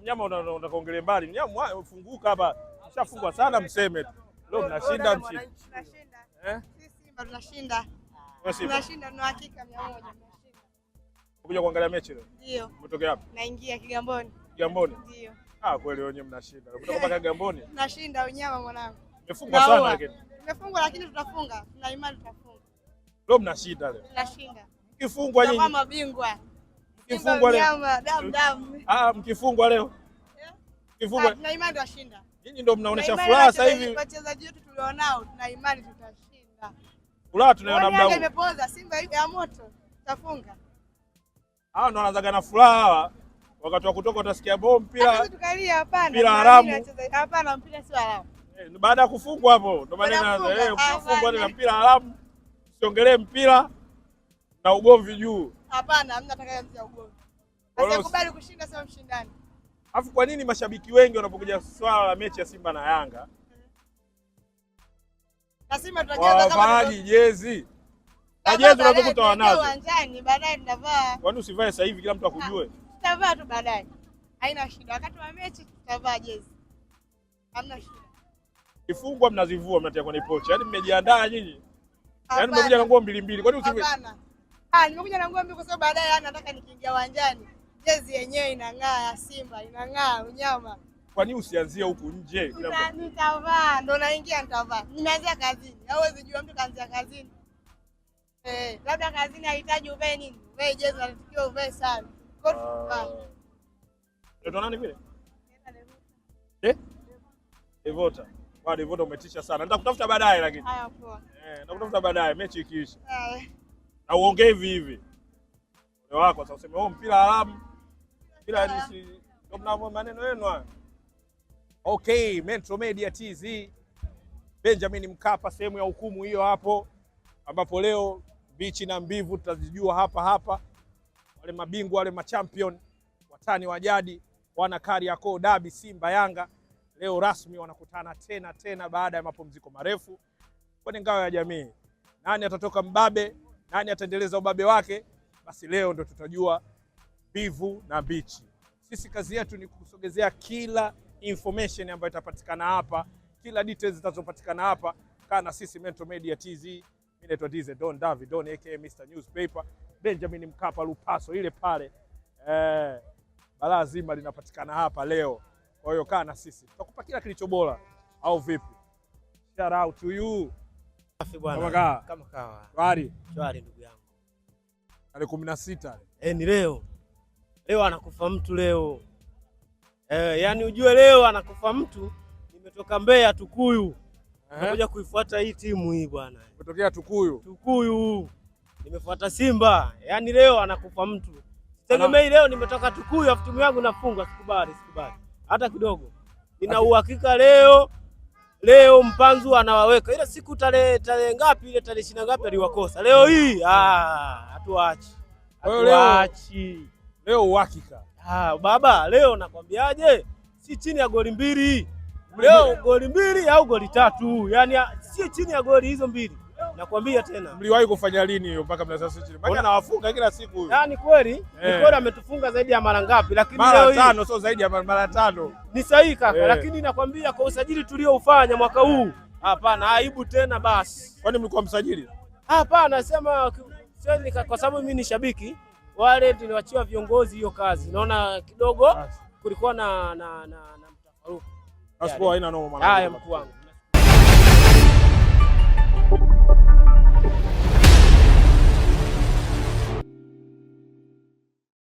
mnyama unakaongelea mbali, mnyama funguka hapa, mshafungwa sana, mseme tu leo mnashinda, mshinda. kuja kuangalia mechi leo? Ndio. Umetokea wapi? Naingia Kigamboni. Kigamboni? Ndio. Ah, kweli wewe mnashinda. Umetoka mpaka Kigamboni? Tunashinda unyama mwanangu. Umefungwa sana lakini. Tumefungwa lakini tutafunga. Tuna imani tutafunga. Leo mnashinda leo. Tunashinda. Kifungwa nyinyi. Kama mabingwa. Mkifungwa leo. Ah, mkifungwa leo. Mkifungwa. Ah, na imani tutashinda. Nyinyi ndio mnaonesha furaha sasa hivi. Wachezaji wetu tulionao tuna imani tutashinda. Furaha tunaiona mdau. huu. Imepoza Simba ya moto. Tutafunga. Ah, ndio wanazaga na furaha hawa. Wakati wa kutoka utasikia bom mpira. Tukalia hapana. Mpira haramu. Hapana, mpira sio haramu. Eh, baada ya kufungwa hapo ndo maana eh, ukifungwa ah, ni mpira haramu. Usiongelee mpira na ugomvi juu. Hapana, hamna atakayeanzia ugomvi. Asikubali kushinda sio mshindani. Alafu kwa nini mashabiki wengi wanapokuja swala la mechi ya Simba na Yanga kama wavaaji jezi na jezi unapokuta wanazo. uwanjani, baadaye tutavaa. Kwani usivae sasa hivi kila mtu akujue? Tutavaa tu baadaye, haina shida. Wakati wa mechi tutavaa jezi, hamna shida. Kifungwa mnazivua mnatia kwenye pochi, yaani mmejiandaa nyinyi, yaani mmekuja na nguo mbili mbili. Kwani usivae? Hapana. Ah, nimekuja na nguo mbi kwa sababu baadaye nataka nikiingia uwanjani jezi yenyewe inang'aa ya Simba, inang'aa unyama. Kwa nini usianzie huku nje? Nitavaa ndo naingia, nitavaa. Nimeanzia kazini, hauwezi jua mtu kaanzia kazini. Eh, labda kazini hahitaji uvae nini, uvae jezi, natakiwa uvae sana ah. Devota. Eh? Devota umetisha sana, nitakutafuta baadaye lakini. Haya poa. Eh, nakutafuta baadaye mechi ikiisha na uongee hivi hivi wako sasa, useme oh, mpira haramu, mpira ndio mnavyo maneno yenu haya. Okay, Metro Media TZ, Benjamin Mkapa, sehemu ya hukumu hiyo hapo, ambapo leo bichi na mbivu tutazijua hapa hapa. Wale mabingwa wale machampion watani wa jadi wana Kariakoo dabi, Simba Yanga leo rasmi wanakutana tena tena baada ya mapumziko marefu kwenye ngao ya jamii. Nani atatoka mbabe? nani ataendeleza ubabe wake, basi leo ndo tutajua mbivu na mbichi. Sisi kazi yetu ni kusogezea kila information ambayo itapatikana hapa, kila details zitazopatikana hapa. Kaa na sisi Metro Media TZ. Mimi naitwa DZ Don David Don aka Mr Newspaper, Benjamin Mkapa, Lupaso ile pale eh, balaa zima linapatikana hapa leo. Kwa hiyo kaa na sisi, tutakupa kila kilicho bora, au vipi? Shout out to you. Kama kawa. Shwari. Shwari ndugu yangu. Tarehe kumi na sita. Eh, ni leo. Leo anakufa mtu leo. Eh, yani ujue leo anakufa mtu. Nimetoka Mbeya Tukuyu. Eh? Nakuja kuifuata hii timu hii bwana. Umetokea Tukuyu. Tukuyu. Nimefuata Simba. Yani leo anakufa mtu. Tegemei leo nimetoka Tukuyu afu timu yangu nafungwa sikubali sikubali. Hata kidogo. Nina uhakika leo leo Mpanzu anawaweka ile siku tarehe tarehe ngapi ile tarehe ishirini ngapi aliwakosa leo hii ah, hatuachi hatuachi leo uhakika ah, baba leo nakwambiaje, si chini ya goli mbili leo goli mbili au goli tatu yani ah, si chini ya goli hizo mbili nakwambia tena. Mliwahi kufanya lini hiyo mpaka mnasasa sisi? Maana anawafunga kila siku huyo. Yaani kweli, ni kweli eh. ametufunga zaidi ya mara ngapi? Lakini leo hii mara tano, sio zaidi ya mara tano ni sahihi kaka, e. Lakini nakwambia kwa usajili tulioufanya mwaka huu hapana aibu tena basi. Kwani mlikuwa msajili? Hapana, sema kwa sababu mimi ni shabiki wale tuliwachiwa viongozi hiyo kazi, naona kidogo kulikuwa na na na, na mtafaruku. Haina noma. Haya mkuu wangu.